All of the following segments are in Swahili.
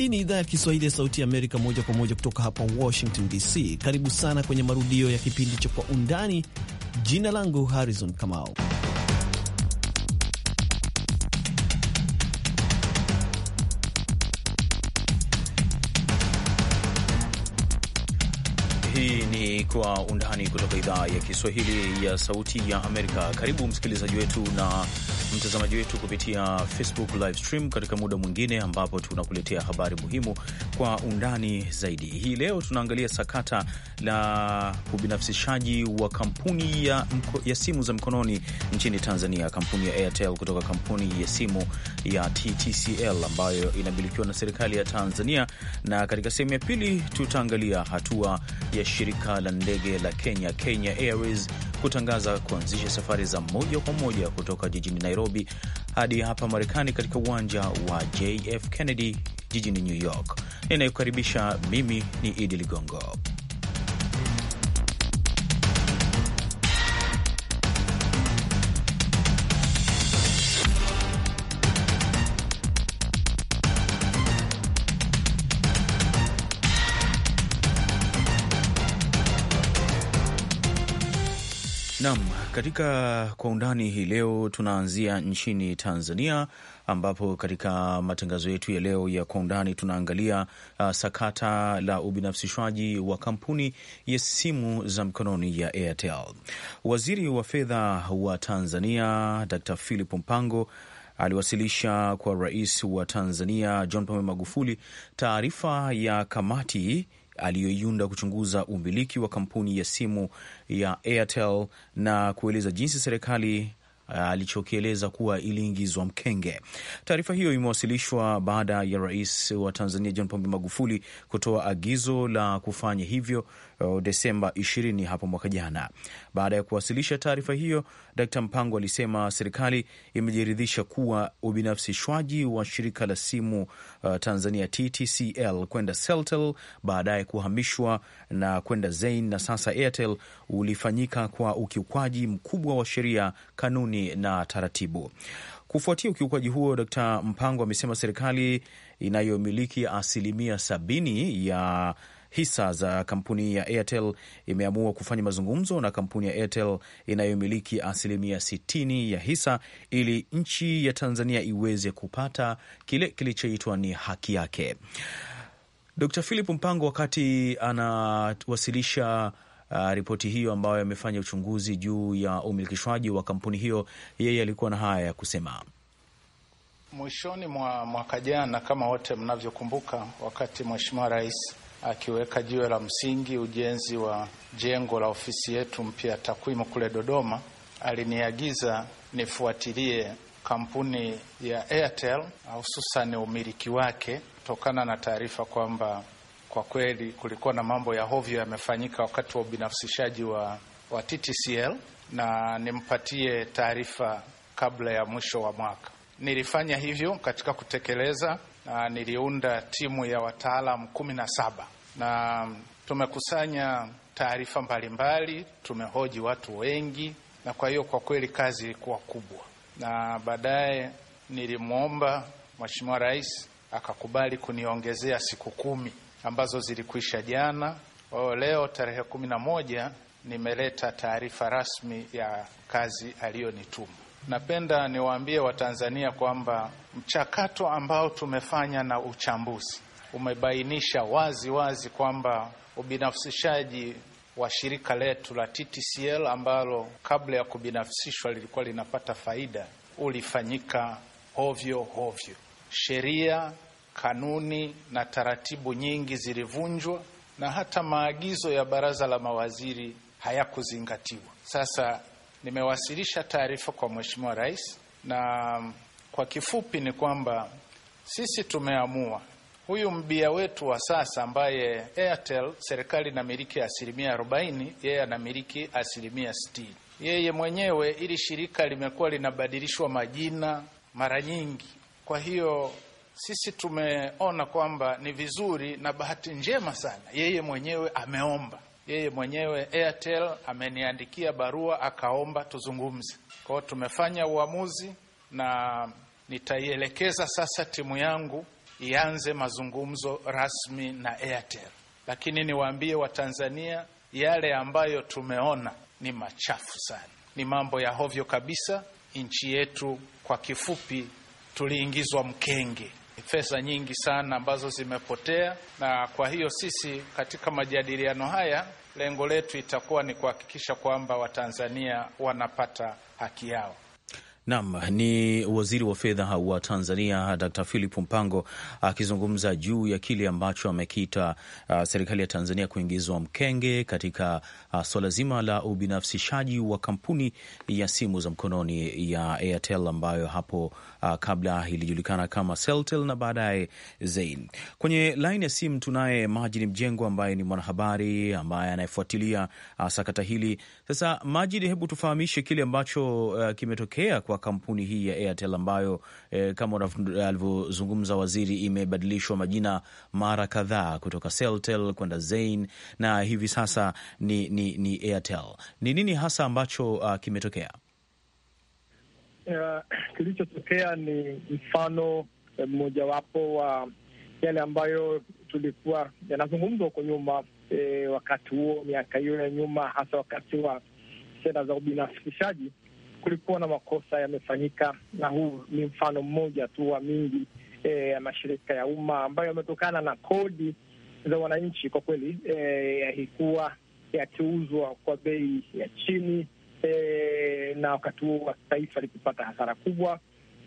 Hii ni idhaa ya Kiswahili ya Sauti ya Amerika, moja kwa moja kutoka hapa Washington DC. Karibu sana kwenye marudio ya kipindi cha Kwa Undani. Jina langu Harrison Kamau. Hii ni Kwa Undani kutoka idhaa ya Kiswahili ya Sauti ya Amerika. Karibu msikilizaji wetu na mtazamaji wetu kupitia Facebook live stream katika muda mwingine ambapo tunakuletea habari muhimu kwa undani zaidi. Hii leo tunaangalia sakata la ubinafsishaji wa kampuni ya, ya simu za mkononi nchini Tanzania, kampuni ya Airtel kutoka kampuni ya simu ya TTCL ambayo inamilikiwa na serikali ya Tanzania, na katika sehemu ya pili tutaangalia hatua ya shirika la ndege la Kenya, Kenya Airways kutangaza kuanzisha safari za moja kwa moja kutoka jijini Nairobi hadi hapa Marekani katika uwanja wa JF Kennedy jijini New York. Ninayekukaribisha mimi ni Idi Ligongo Katika kwa undani hii leo tunaanzia nchini Tanzania ambapo katika matangazo yetu ya leo ya kwa undani tunaangalia uh, sakata la ubinafsishwaji wa kampuni ya simu za mkononi ya Airtel. Waziri wa fedha wa Tanzania Dr. Philip Mpango aliwasilisha kwa rais wa Tanzania John Pombe Magufuli taarifa ya kamati aliyoiunda kuchunguza umiliki wa kampuni ya simu ya Airtel na kueleza jinsi serikali uh, alichokieleza kuwa iliingizwa mkenge. Taarifa hiyo imewasilishwa baada ya rais wa Tanzania John Pombe Magufuli kutoa agizo la kufanya hivyo Uh, Desemba 20 hapo mwaka jana. Baada ya kuwasilisha taarifa hiyo, Dkt Mpango alisema serikali imejiridhisha kuwa ubinafsishwaji wa shirika la simu uh, Tanzania TTCL kwenda Celtel, baadaye kuhamishwa na kwenda Zain na sasa Airtel ulifanyika kwa ukiukwaji mkubwa wa sheria, kanuni na taratibu. Kufuatia ukiukwaji huo, Dkt Mpango amesema serikali inayomiliki asilimia sabini ya hisa za kampuni ya Airtel imeamua kufanya mazungumzo na kampuni ya Airtel inayomiliki asilimia 60 ya hisa ili nchi ya Tanzania iweze kupata kile kilichoitwa ni haki yake. Dr. Philip Mpango wakati anawasilisha Uh, ripoti hiyo ambayo amefanya uchunguzi juu ya umilikishwaji wa kampuni hiyo, yeye alikuwa na haya ya kusema. Mwishoni mwa mwaka jana, kama wote mnavyokumbuka, wakati Mheshimiwa Rais akiweka jiwe la msingi ujenzi wa jengo la ofisi yetu mpya takwimu kule Dodoma, aliniagiza nifuatilie kampuni ya Airtel hususan umiliki wake, kutokana na taarifa kwamba kwa kweli kulikuwa na mambo ya hovyo yamefanyika wakati wa ubinafsishaji wa, wa TTCL na nimpatie taarifa kabla ya mwisho wa mwaka. Nilifanya hivyo katika kutekeleza na niliunda timu ya wataalam kumi na saba na tumekusanya taarifa mbalimbali, tumehoji watu wengi, na kwa hiyo kwa kweli kazi ilikuwa kubwa, na baadaye nilimwomba Mheshimiwa Rais akakubali kuniongezea siku kumi ambazo zilikwisha jana. Kwa hiyo leo tarehe kumi na moja nimeleta taarifa rasmi ya kazi aliyonituma. Napenda niwaambie Watanzania kwamba mchakato ambao tumefanya na uchambuzi umebainisha wazi wazi kwamba ubinafsishaji wa shirika letu la TTCL ambalo kabla ya kubinafsishwa lilikuwa linapata faida ulifanyika hovyo hovyo. Sheria, kanuni na taratibu nyingi zilivunjwa na hata maagizo ya baraza la mawaziri hayakuzingatiwa. Sasa Nimewasilisha taarifa kwa Mheshimiwa Rais, na kwa kifupi ni kwamba sisi tumeamua huyu mbia wetu wa sasa ambaye Airtel serikali inamiliki asilimia 40, yeye anamiliki asilimia 60. Yeye mwenyewe ili shirika limekuwa linabadilishwa majina mara nyingi, kwa hiyo sisi tumeona kwamba ni vizuri, na bahati njema sana yeye mwenyewe ameomba yeye mwenyewe Airtel ameniandikia barua akaomba tuzungumze. Kwa hiyo tumefanya uamuzi na nitaielekeza sasa timu yangu ianze mazungumzo rasmi na Airtel, lakini niwaambie Watanzania yale ambayo tumeona ni machafu sana, ni mambo ya hovyo kabisa. Nchi yetu kwa kifupi, tuliingizwa mkenge fedha nyingi sana ambazo zimepotea, na kwa hiyo sisi katika majadiliano haya lengo letu itakuwa ni kuhakikisha kwamba Watanzania wanapata haki yao. Nam ni waziri wa fedha wa Tanzania d Philip Mpango akizungumza juu ya kile ambacho amekiita uh, serikali ya Tanzania kuingizwa mkenge katika uh, swala zima la ubinafsishaji wa kampuni ya simu za mkononi ya Airtel ambayo hapo uh, kabla ilijulikana kama Celtel na baadaye Zain. Kwenye laini ya simu tunaye Majid Mjengo ambaye ni mwanahabari ambaye anayefuatilia uh, sakata hili. Sasa Majid, hebu tufahamishe kile ambacho uh, kimetokea kwa kampuni hii ya Airtel ambayo eh, kama alivyozungumza waziri imebadilishwa majina mara kadhaa kutoka Celtel kwenda Zain na hivi sasa ni, ni, ni Airtel. Ni nini hasa ambacho uh, kimetokea? Uh, kilichotokea ni mfano eh, mmojawapo wa uh, yale ambayo tulikuwa yanazungumzwa huko nyuma eh, wakati huo miaka hiyo ya nyuma, hasa wakati wa sera za ubinafsishaji kulikuwa na makosa yamefanyika, na huu ni mfano mmoja tu wa mingi e, ya mashirika ya umma ambayo yametokana na kodi za wananchi. Kwa kweli e, yalikuwa yakiuzwa kwa bei ya chini e, na wakati huo wa taifa likipata hasara kubwa,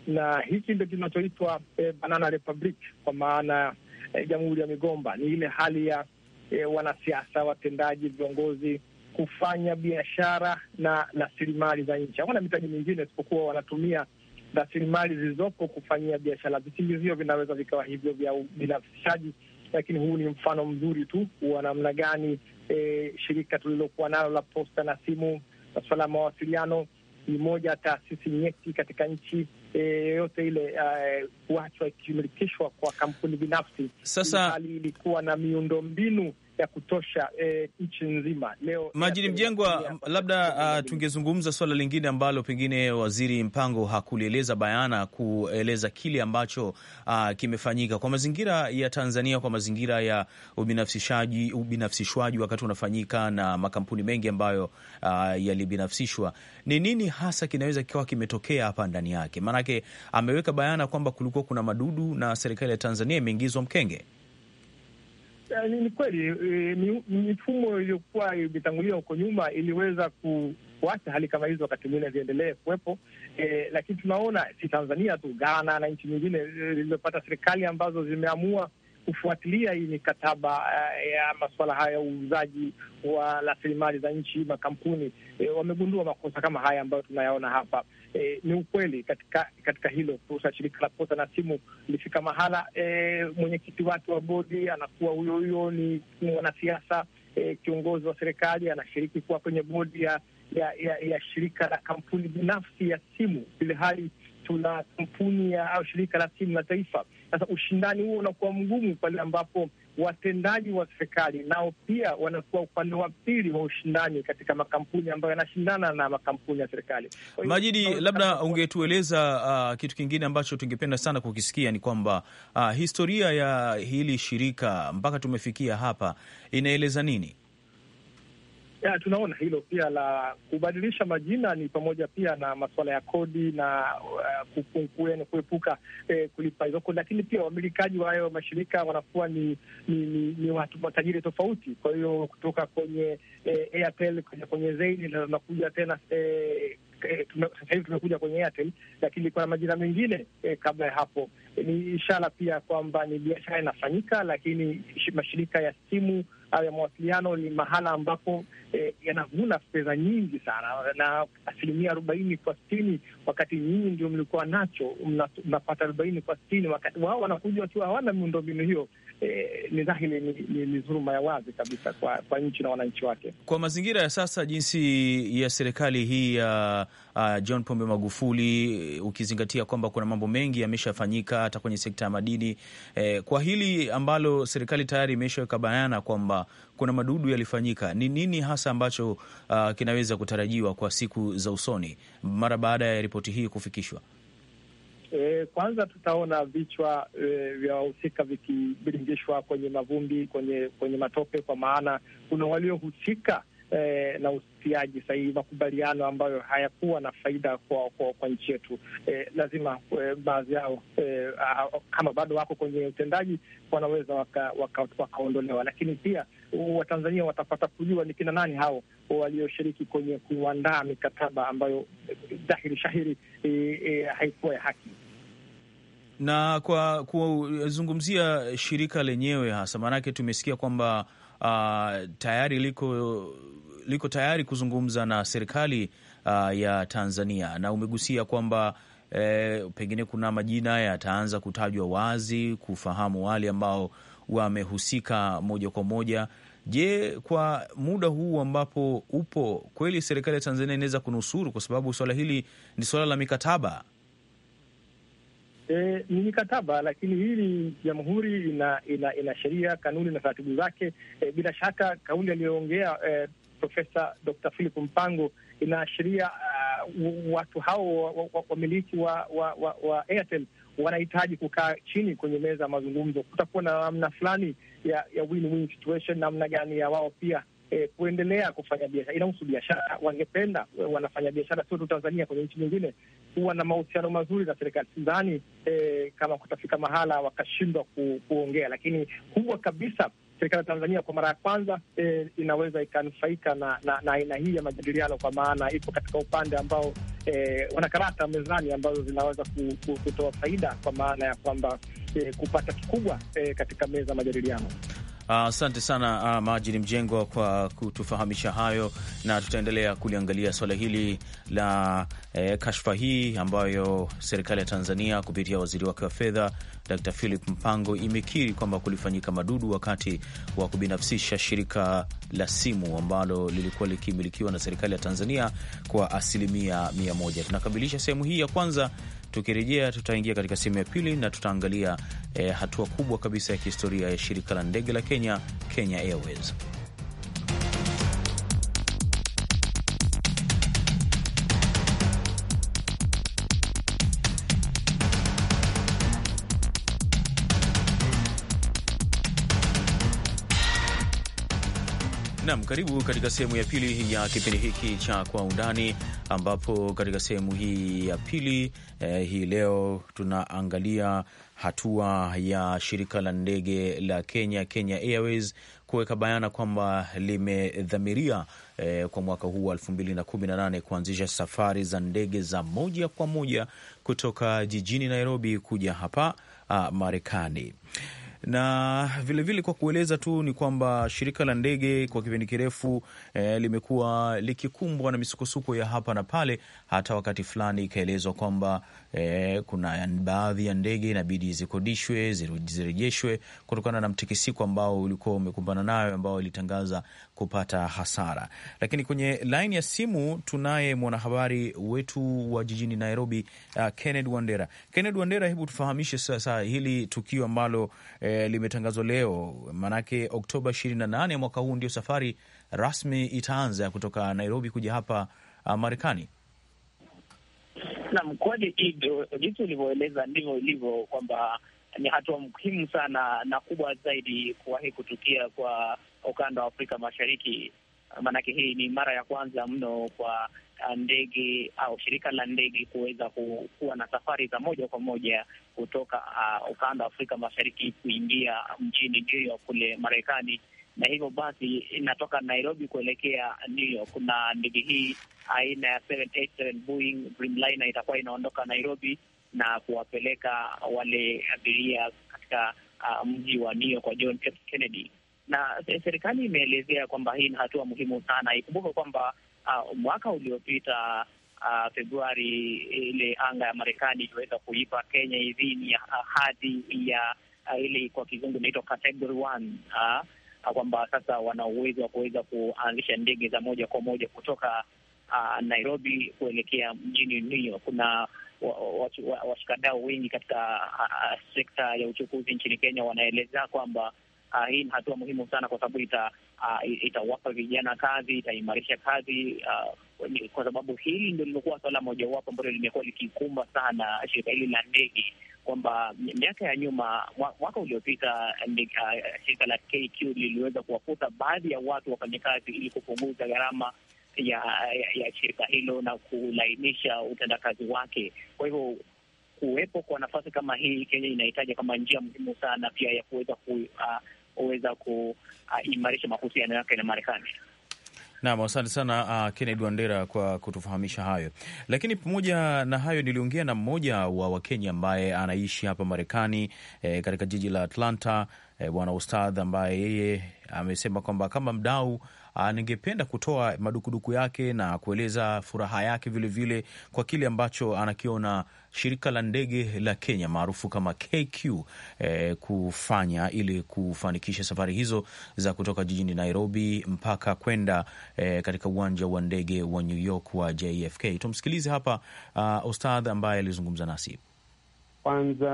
na hiki ndo kinachoitwa e, banana republic, kwa maana e, jamhuri ya migomba. Ni ile hali ya e, wanasiasa, watendaji, viongozi kufanya biashara na rasilimali za nchi. Hakuna mitaji mingine isipokuwa wanatumia rasilimali zilizopo kufanyia biashara. Visingizio vinaweza vikawa hivyo vya ubinafsishaji, lakini huu ni mfano mzuri tu wa namna gani e, shirika tulilokuwa nalo la posta na simu na suala la mawasiliano ni moja ya taasisi nyeti katika nchi e, yoyote e, ile kuachwa e, ikimilikishwa kwa kampuni binafsi. Sasa hali ilikuwa na miundo mbinu ya kutosha eh, nchi nzima leo. Majini Mjengwa, labda uh, tungezungumza suala lingine ambalo pengine waziri Mpango hakulieleza bayana, kueleza kile ambacho uh, kimefanyika kwa mazingira ya Tanzania, kwa mazingira ya ubinafsishaji, ubinafsishwaji wakati unafanyika na makampuni mengi ambayo uh, yalibinafsishwa. Ni nini hasa kinaweza kikawa kimetokea hapa ndani yake? Maanake ameweka bayana kwamba kulikuwa kuna madudu na serikali ya Tanzania imeingizwa mkenge ni kweli e, mifumo iliyokuwa imetangulia huko nyuma iliweza kuacha hali kama hizo wakati mwingine ziendelee kuwepo, e, lakini tunaona si Tanzania tu, Ghana na nchi nyingine e, zilizopata serikali ambazo zimeamua kufuatilia hii mikataba uh, ya masuala haya ya uuzaji wa rasilimali za nchi makampuni, e, wamegundua makosa kama haya ambayo tunayaona hapa eh, ni ukweli katika katika hilo. kuusa shirika la posta na simu lifika mahala eh, mwenyekiti wake wa bodi anakuwa huyo huyo ni mwanasiasa eh, kiongozi wa serikali anashiriki kuwa kwenye bodi ya ya, ya ya shirika la kampuni binafsi ya simu, ile hali tuna kampuni ya au shirika la simu la taifa. Sasa ushindani huo unakuwa mgumu pale ambapo watendaji wa serikali nao pia wanakuwa upande wa pili wa ushindani katika makampuni ambayo yanashindana na makampuni ya serikali. Majidi, labda ungetueleza uh, kitu kingine ambacho tungependa sana kukisikia ni kwamba uh, historia ya hili shirika mpaka tumefikia hapa inaeleza nini? ya, tunaona hilo pia la kubadilisha majina ni pamoja pia na masuala ya kodi na uh, kuepuka eh, kulipa hizo kodi, lakini pia wamilikaji wa hayo mashirika wanakuwa ni ni, ni, ni watu matajiri tofauti. Kwa hiyo kutoka kwenye eh, Airtel kuja kwenye Zain na tunakuja tena eh, eh sasa hivi tumekuja kwenye Airtel, lakini kuna majina mengine eh, kabla ya hapo ni ishara pia kwamba ni biashara inafanyika, lakini mashirika ya simu au ya mawasiliano ni mahala ambapo eh, yanavuna fedha nyingi sana, na asilimia arobaini kwa sitini, wakati nyinyi ndio mlikuwa nacho mnapata arobaini kwa sitini, wakati wao wanakuja wakiwa hawana miundombinu hiyo. Eh, ni dhahiri ni, ni, ni dhuluma ya wazi kabisa kwa, kwa nchi na wananchi wake. Kwa mazingira ya sasa, jinsi ya serikali hii ya uh uh, John Pombe Magufuli, eh, ukizingatia kwamba kuna mambo mengi yameshafanyika hata kwenye sekta ya madini eh, kwa hili ambalo serikali tayari imeshaweka bayana kwamba kuna madudu yalifanyika, ni nini hasa ambacho uh, kinaweza kutarajiwa kwa siku za usoni mara baada ya ripoti hii kufikishwa? E, kwanza tutaona vichwa e, vya wahusika vikibiringishwa kwenye mavumbi, kwenye kwenye matope, kwa maana kuna waliohusika eh, la usiaji sahihi, makubaliano ambayo hayakuwa na faida kwa kwa, kwa nchi yetu. Eh, lazima eh, baadhi yao eh, kama bado wako kwenye utendaji wanaweza wakaondolewa waka, waka, lakini pia Watanzania watapata kujua ni kina nani hao walioshiriki kwenye kuandaa mikataba ambayo eh, dhahiri shahiri e, e, haikuwa ya haki na kwa kuzungumzia shirika lenyewe hasa, maanake tumesikia kwamba uh, tayari liko, liko tayari kuzungumza na serikali uh, ya Tanzania na umegusia kwamba eh, pengine kuna majina yataanza kutajwa wazi kufahamu wale ambao wamehusika moja kwa moja. Je, kwa muda huu ambapo upo kweli serikali ya Tanzania inaweza kunusuru? Kwa sababu swala hili ni swala la mikataba E, ni mikataba lakini hili jamhuri ina ina, ina sheria, kanuni na taratibu zake. E, bila shaka kauli aliyoongea e, Profesa Dr. Philip Mpango inaashiria uh, watu hao wamiliki wa, wa, wa, wa, wa Airtel wanahitaji kukaa chini kwenye meza ya mazungumzo. Kutakuwa na namna fulani ya ya win-win situation, namna gani ya wao pia eh, kuendelea kufanya biashara, inahusu biashara. Wangependa eh, wanafanya biashara sio tu Tanzania, kwenye nchi nyingine huwa na mahusiano mazuri na serikali. Sidhani eh, kama kutafika mahala wakashindwa ku, kuongea, lakini kubwa kabisa serikali ya Tanzania kwa mara ya kwanza eh, inaweza ikanufaika na na aina hii ya majadiliano, kwa maana ipo katika upande ambao eh, wana karata mezani ambazo zinaweza kutoa faida, kwa maana ya kwamba eh, kupata kikubwa eh, katika meza majadiliano. Ah, asante uh, sana uh, Majini Mjengwa kwa kutufahamisha hayo, na tutaendelea kuliangalia suala hili la eh, kashfa hii ambayo serikali ya Tanzania kupitia waziri wake wa fedha Dr. Philip Mpango imekiri kwamba kulifanyika madudu wakati wa kubinafsisha shirika la simu ambalo lilikuwa likimilikiwa na serikali ya Tanzania kwa asilimia mia moja. Tunakamilisha sehemu hii ya kwanza Tukirejea tutaingia katika sehemu ya pili na tutaangalia eh, hatua kubwa kabisa ya kihistoria ya shirika la ndege la Kenya, Kenya Airways. Nam, karibu katika sehemu ya pili ya kipindi hiki cha Kwa Undani, ambapo katika sehemu hii ya pili eh, hii leo tunaangalia hatua ya shirika la ndege la Kenya, Kenya Airways, kuweka bayana kwamba limedhamiria eh, kwa mwaka huu wa 2018 kuanzisha safari za ndege za moja kwa moja kutoka jijini Nairobi kuja hapa ah, Marekani na vilevile vile kwa kueleza tu ni kwamba shirika la ndege kwa kipindi kirefu eh, limekuwa likikumbwa na misukosuko ya hapa na pale. Hata wakati fulani ikaelezwa kwamba eh, kuna baadhi ya ndege inabidi zikodishwe zirejeshwe kutokana na mtikisiko ambao ulikuwa umekumbana nayo, ambao ilitangaza kupata hasara. Lakini kwenye laini ya simu tunaye mwanahabari wetu wa jijini Nairobi, uh, Kenneth Wandera. Kenneth Wandera, hebu tufahamishe sasa hili tukio ambalo eh, limetangazwa leo, maanake Oktoba 28 mwaka huu ndio safari rasmi itaanza kutoka Nairobi kuja hapa uh, Marekani. Naam, kweli hivyo jinsi ulivyoeleza ndivyo ilivyo, kwamba ni hatua muhimu sana na kubwa zaidi kuwahi kutukia kwa ukanda wa Afrika Mashariki, maanake hii ni mara ya kwanza mno kwa Uh, ndege au shirika la ndege kuweza kuwa na safari za moja kwa moja kutoka uh, ukanda wa Afrika Mashariki kuingia mjini New York kule Marekani, na hivyo basi inatoka Nairobi kuelekea New York. Kuna ndege hii aina ya 787 Boeing Dreamliner itakuwa inaondoka Nairobi na kuwapeleka wale abiria katika uh, mji wa New York wa John F Kennedy na serikali imeelezea kwamba hii ni hatua muhimu sana. Ikumbuke kwamba uh, mwaka uliopita uh, Februari ile anga ya Marekani iliweza kuipa Kenya idhini ya hadhi ya uh, ile kwa kizungu inaitwa category one uh, kwamba sasa wana uwezo wa kuweza kuanzisha ndege za moja kwa moja kutoka uh, Nairobi kuelekea mjini New York. Kuna washikadau wa, wa, wa wengi katika uh, sekta ya uchukuzi nchini Kenya wanaeleza kwamba Uh, hii ni hatua muhimu sana kwa sababu ita, uh, itawapa vijana kazi, itaimarisha kazi uh, kwa sababu hili ndio limekuwa swala mojawapo ambalo limekuwa likikumba sana shirika hili la ndege kwamba miaka ya nyuma, mwaka uliopita, uh, shirika la KQ liliweza kuwafuta baadhi ya watu wafanyakazi ili kupunguza gharama ya, ya, ya shirika hilo na kulainisha utendakazi wake. Kwa hivyo kuwepo kwa nafasi kama hii Kenya inahitaji kama njia muhimu sana pia ya kuweza ku, uh, kuweza kuimarisha mahusiano yake na Marekani. Nam, asante sana uh, Kennedy Wandera kwa kutufahamisha hayo. Lakini pamoja na hayo, niliongea na mmoja wa Wakenya ambaye anaishi hapa Marekani eh, katika jiji la Atlanta eh, Bwana Ustadh ambaye yeye amesema kwamba kama mdau uh, ningependa kutoa madukuduku yake na kueleza furaha yake vilevile vile kwa kile ambacho anakiona shirika la ndege la Kenya maarufu kama KQ eh, kufanya ili kufanikisha safari hizo za kutoka jijini Nairobi mpaka kwenda eh, katika uwanja wa ndege wa New York wa JFK. Tumsikilize hapa uh, Ustadh ambaye alizungumza nasi. Kwanza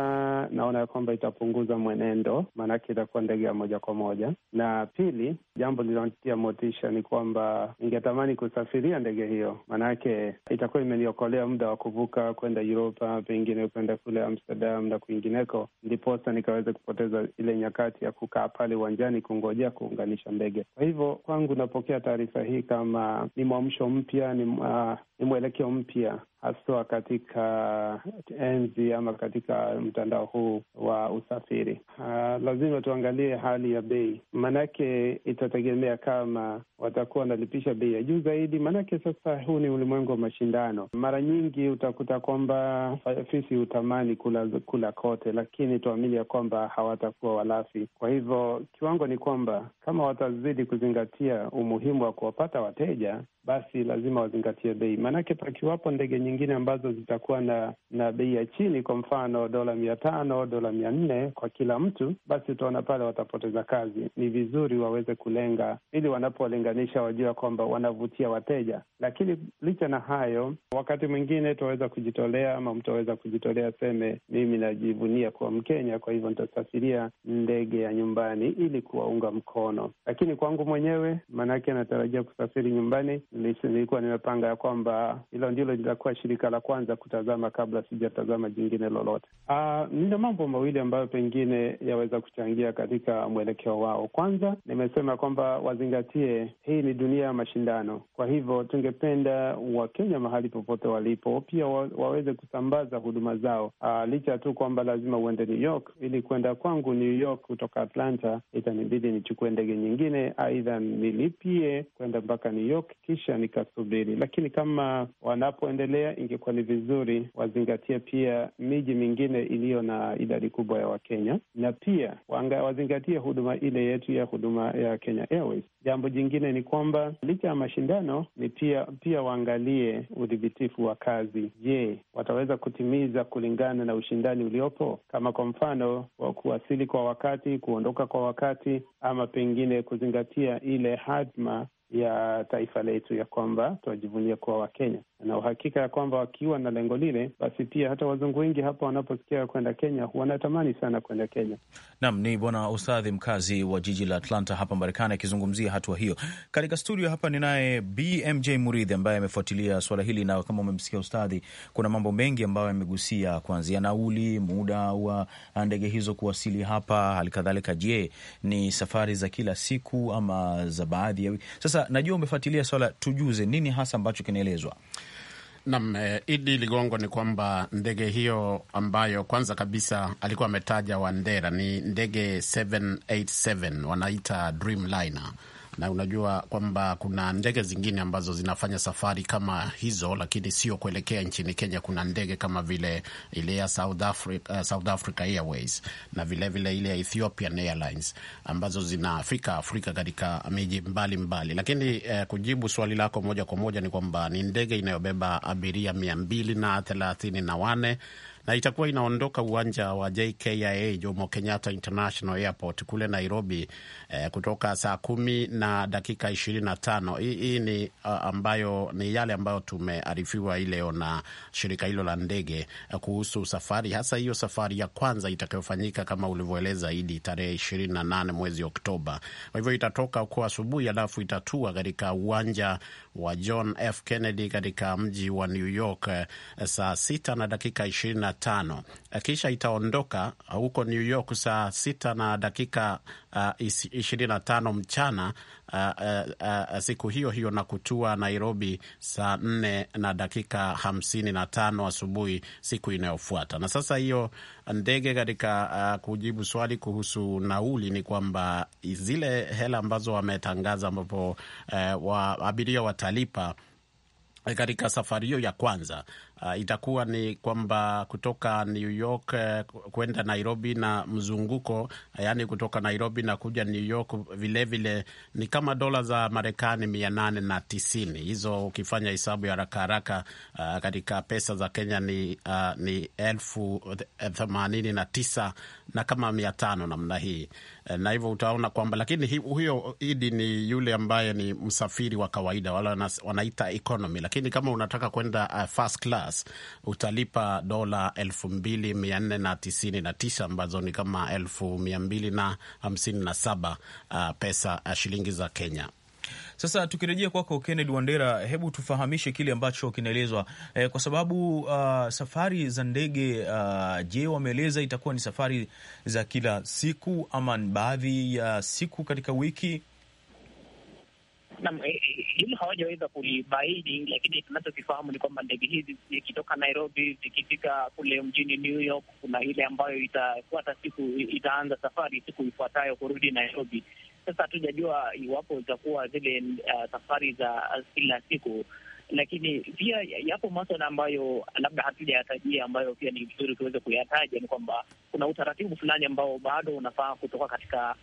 naona ya kwamba itapunguza mwenendo, maanake itakuwa ndege ya moja kwa moja, na pili jambo linalotia motisha ni kwamba ningetamani kusafiria ndege hiyo, maanake itakuwa imeniokolea muda wa kuvuka kwenda Uropa, pengine kwenda kule Amsterdam na kwingineko, ndiposa nikaweza kupoteza ile nyakati ya kukaa pale uwanjani kungojea kuunganisha ndege. Kwa hivyo kwangu napokea taarifa hii kama ni mwamsho mpya, ni, uh, ni mwelekeo mpya haswa katika enzi ama katika mtandao huu wa usafiri. Uh, lazima tuangalie hali ya bei, maanake ita itategemea kama watakuwa wanalipisha bei ya juu zaidi, maanake sasa huu ni ulimwengu wa mashindano. Mara nyingi utakuta kwamba fisi hutamani kula, kula kote, lakini tuamini ya kwamba hawatakuwa walafi. Kwa hivyo kiwango ni kwamba kama watazidi kuzingatia umuhimu wa kuwapata wateja, basi lazima wazingatie bei, maanake pakiwapo ndege nyingine ambazo zitakuwa na na bei ya chini, kwa mfano dola mia tano dola mia nne kwa kila mtu, basi utaona pale watapoteza kazi. Ni vizuri waweze ku kulenga, ili wanapolinganisha wajua kwamba wanavutia wateja. Lakini licha na hayo, wakati mwingine tunaweza kujitolea ama mtu aweza kujitolea, seme mimi najivunia kuwa Mkenya, kwa hivyo nitasafiria ndege ya nyumbani ili kuwaunga mkono. Lakini kwangu mwenyewe, maanake anatarajia kusafiri nyumbani, nilikuwa nimepanga ya kwamba hilo ndilo litakuwa shirika la kwanza kutazama kabla sijatazama jingine lolote. Ah, nina mambo mawili ambayo pengine yaweza kuchangia katika mwelekeo wao. Kwanza nimesema kwamba wazingatie hii ni dunia ya mashindano. Kwa hivyo tungependa Wakenya mahali popote walipo pia wa, waweze kusambaza huduma zao. licha ah, licha tu kwamba lazima uende New York. Ili kwenda kwangu New York kutoka Atlanta itanibidi nichukue ndege nyingine, aidha nilipie kwenda mpaka New York kisha nikasubiri. Lakini kama wanapoendelea, ingekuwa ni vizuri wazingatie pia miji mingine iliyo na idadi kubwa ya Wakenya na pia wazingatie huduma ile yetu ya huduma ya Kenya. Kenya Airways. Jambo jingine ni kwamba licha ya mashindano ni pia pia waangalie udhibitifu wa kazi. Je, wataweza kutimiza kulingana na ushindani uliopo, kama kwa mfano wa kuwasili kwa wakati, kuondoka kwa wakati, ama pengine kuzingatia ile hatma ya taifa letu ya kwamba tuwajivunie kuwa Wakenya, na uhakika ya kwamba wakiwa na lengo lile, basi pia hata wazungu wengi hapa wanaposikia kwenda Kenya wanatamani sana kwenda Kenya. Naam, ni Bwana Ustadhi, mkazi wa jiji la Atlanta hapa Marekani, akizungumzia hatua hiyo. Katika studio hapa ninaye BMJ Muridhi ambaye amefuatilia suala hili, na kama umemsikia Ustadhi, kuna mambo mengi ambayo amegusia, kuanzia nauli, muda wa ndege hizo kuwasili hapa, halikadhalika, je, ni safari za kila siku ama za baadhi ya Sasa sasa najua umefuatilia swala, tujuze nini hasa ambacho kinaelezwa. Nam eh, Idi Ligongo, ni kwamba ndege hiyo ambayo kwanza kabisa alikuwa ametaja Wandera ni ndege 787 wanaita Dreamliner na unajua kwamba kuna ndege zingine ambazo zinafanya safari kama hizo, lakini sio kuelekea nchini Kenya. Kuna ndege kama vile ile ya South Africa, uh, South Africa Airways na vilevile ile ya Ethiopian Airlines ambazo zinafika Afrika katika miji mbalimbali. Lakini uh, kujibu swali lako moja kwa moja ni kwamba ni ndege inayobeba abiria mia mbili na thelathini na wane na itakuwa inaondoka uwanja wa JKIA Jomo Kenyatta International Airport kule Nairobi eh, kutoka saa kumi na dakika ishirini na tano. Hii ni ambayo ni yale ambayo tumearifiwa hii leo na shirika hilo la ndege eh, kuhusu safari, hasa hiyo safari ya kwanza itakayofanyika kama ulivyoeleza Idi, tarehe ishirini na nane mwezi Oktoba. Kwa hivyo itatoka huko asubuhi, alafu itatua katika uwanja wa John F Kennedy katika mji wa New York eh, saa sita na dakika 25, eh, kisha itaondoka eh, huko New York saa sita na dakika uh, 25 mchana uh, uh, uh, siku hiyo hiyo na kutua Nairobi saa nne na dakika hamsini na tano asubuhi siku inayofuata. Na sasa hiyo ndege katika uh, kujibu swali kuhusu nauli ni kwamba zile hela ambazo wametangaza ambapo uh, wa, abiria watalipa e, katika safari hiyo ya kwanza uh, itakuwa ni kwamba kutoka New York uh, kwenda Nairobi na mzunguko uh, yani kutoka Nairobi na kuja New York vilevile ni kama dola za Marekani mia nane na tisini hizo, ukifanya hesabu ya haraka haraka uh, katika pesa za Kenya ni, uh, ni elfu eh, themanini na tisa na kama mia tano namna hii na hivyo utaona kwamba lakini hi, huyo idi ni yule ambaye ni msafiri wa kawaida, wala wanaita economy, lakini kama unataka kwenda uh, first class Plus utalipa dola 2499 ambazo ni kama 257 uh, pesa uh, shilingi za Kenya. Sasa tukirejea kwako Kennedy Wandera, hebu tufahamishe kile ambacho kinaelezwa e, kwa sababu uh, safari za ndege uh, je, wameeleza itakuwa ni safari za kila siku ama baadhi ya uh, siku katika wiki? Eh, eh, hilo hawajaweza kulibaini, lakini tunachokifahamu ni kwamba ndege hizi zikitoka Nairobi zikifika kule mjini New York, kuna ile ambayo itafuata siku, itaanza safari siku ifuatayo kurudi Nairobi. Sasa hatujajua iwapo itakuwa zile uh, safari za kila siku lakini pia yapo maswala ambayo labda hatujayatajia ambayo pia ni vizuri tuweze kuyataja. Ni kwamba kuna utaratibu fulani ambao bado unafaa kutoka katika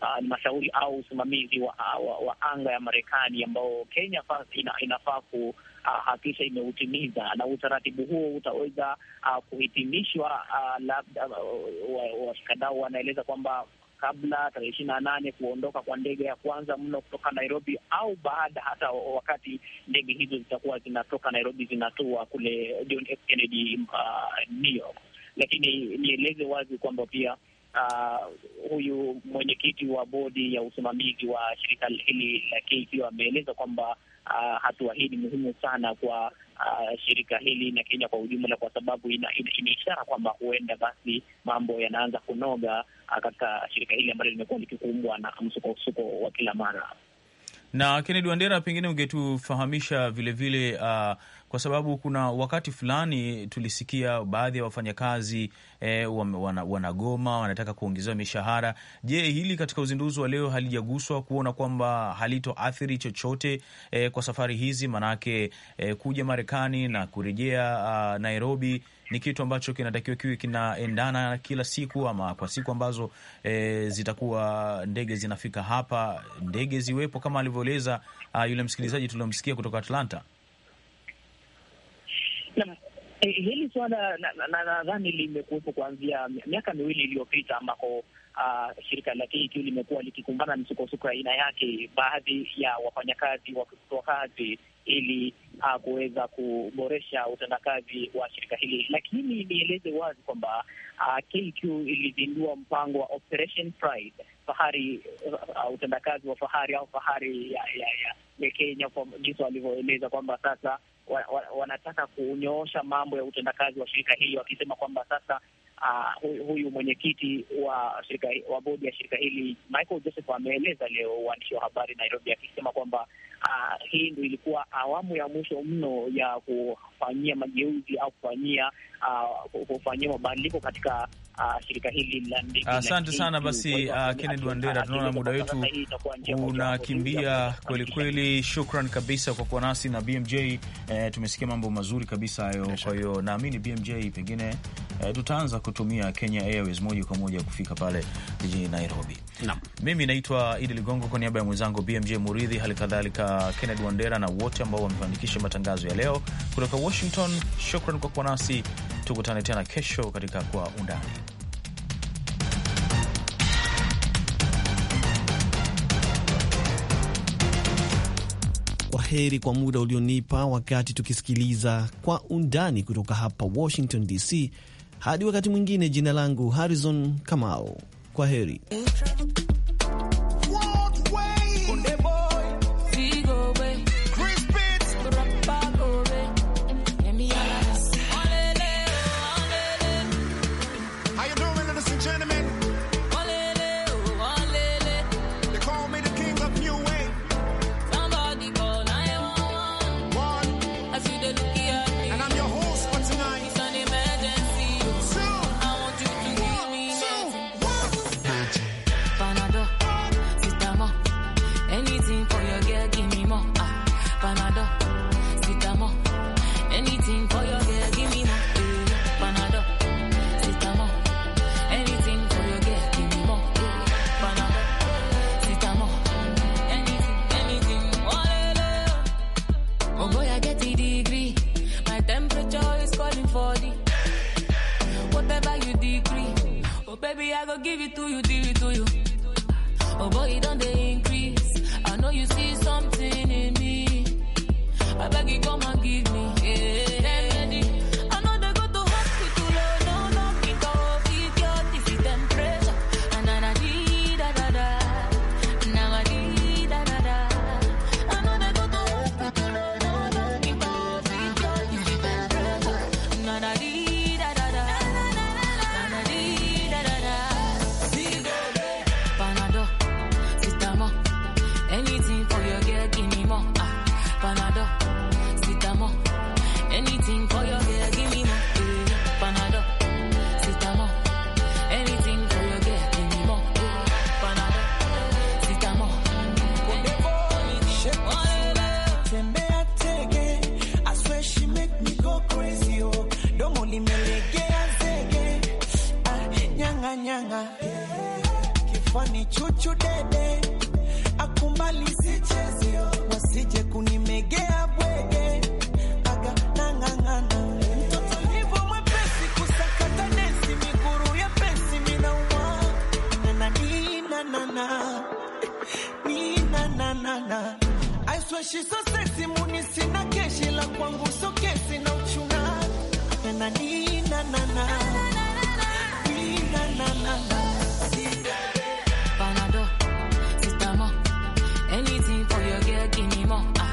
halmashauri uh, uh, uh, au usimamizi wa, uh, wa, wa anga ya Marekani ambao Kenya ina, inafaa kuhakikisha uh, imeutimiza, na utaratibu huo utaweza uh, kuhitimishwa uh, labda uh, washikadau wanaeleza kwamba kabla tarehe ishirini na nane kuondoka kwa ndege ya kwanza mno kutoka Nairobi, au baada hata wakati ndege hizo zitakuwa zinatoka Nairobi zinatua kule John F Kennedy uh, New York. Lakini nieleze wazi kwamba pia uh, huyu mwenyekiti wa bodi ya usimamizi wa shirika hili la KQ ameeleza kwamba uh, hatua hii ni muhimu sana kwa uh, shirika hili na Kenya kwa ujumla, kwa sababu ina, ina, ina ishara kwamba huenda basi mambo yanaanza kunoga uh, katika shirika hili ambalo limekuwa likikumbwa na msukosuko wa kila mara na Kennedy Wandera, pengine ungetufahamisha vilevile uh, kwa sababu kuna wakati fulani tulisikia baadhi ya wafanyakazi e, wana, wanagoma wanataka kuongezewa mishahara. Je, hili katika uzinduzi wa leo halijaguswa kuona kwamba halitoathiri chochote e, kwa safari hizi? Manake e, eh, kuja Marekani na kurejea ah, Nairobi ni kitu ambacho kinatakiwa kiwe kinaendana kila siku ama kwa siku ambazo e, zitakuwa ndege zinafika hapa, ndege ziwepo kama alivyoeleza ah, yule msikilizaji tuliomsikia kutoka Atlanta. Eh, hili suala nadhani limekuwepo kuanzia miaka miwili iliyopita ambako Uh, shirika la KQ e limekuwa likikumbana na misukosuko aina yake, baadhi ya wafanyakazi wakifutwa kazi ili uh, kuweza kuboresha utendakazi wa shirika hili. Lakini nieleze wazi kwamba uh, ah, KQ e ilizindua mpango wa Operation Pride, fahari uh, utendakazi wa fahari au fahari ya, ya, ya, ya Kenya, jinsi walivyoeleza kwamba sasa wa, wa, wanataka kunyoosha mambo ya utendakazi wa shirika hili, wakisema kwamba sasa Uh, huyu, mwenyekiti wa shirika wa bodi ya shirika hili Michael Joseph ameeleza leo uandishi wa habari Nairobi akisema kwamba uh, hii ndo ilikuwa awamu ya mwisho mno ya kufanyia mageuzi au kufanyia uh, kufanyia mabadiliko katika Uh, shirika Asante uh, sana basi, uh, Kennedy Wandera, tunaona muda wetu unakimbia kweli kweli. Shukran kabisa kwa kuwa nasi na BMJ. Eh, tumesikia mambo mazuri kabisa hayo, kwa hiyo naamini BMJ pengine eh, tutaanza kutumia Kenya Airways moja kwa moja kufika pale jijini Nairobi. Na mimi naitwa Idi Ligongo kwa niaba ya mwenzangu BMJ Muridhi, hali kadhalika Kennedy Wandera na wote ambao wamefanikisha matangazo ya leo kutoka Washington. Shukran kwa kuwa nasi, tukutane tena kesho katika Kwa Undani. Kwa heri kwa muda ulionipa, wakati tukisikiliza Kwa Undani kutoka hapa Washington DC. Hadi wakati mwingine, jina langu Harrison Kamau. correria. na na, ni na na na na. I swear she's so sexy, muni sina keshi la kwangu so kesi na uchuna. Apenda ni na na na, ni na na na na. Panado, sister mo, anything for your girl, give me more. Ah,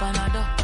Panado.